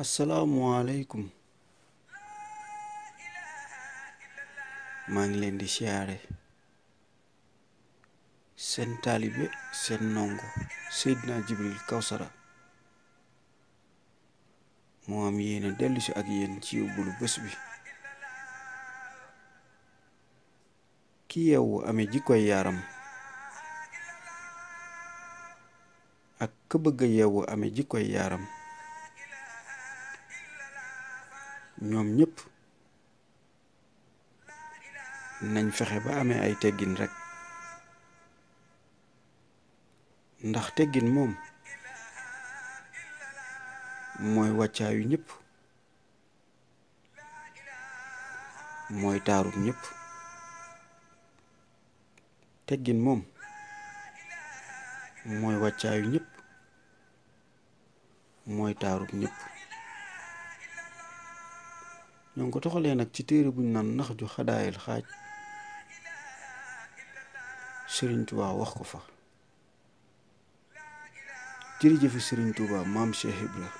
asalaamualeykum maa ngi leen di siyaare seen taalibe seen ndongo Seydina Jibril Kawsara moo am yéena dellu si ak yéen ci yóbbalu bés bi ki yeewu amee jikkoy yaaram ak ka bëgg a yeewu amee jikkoy yaaram ñoom ñëpp nañ fexe ba amee ay teggin rekk ndax teggin moom mooy wàccaayu ñëpp mooy taarub ñëpp teggin moom mooy wàccaayu ñëpp mooy taarub ñépp ñoo ngi ko toxalee nag ci téere buñ naan nax ju xadaayil xaaj Serigne Touba wax ko fa jërëjëfe Serigne Touba maam Cheikh Ibra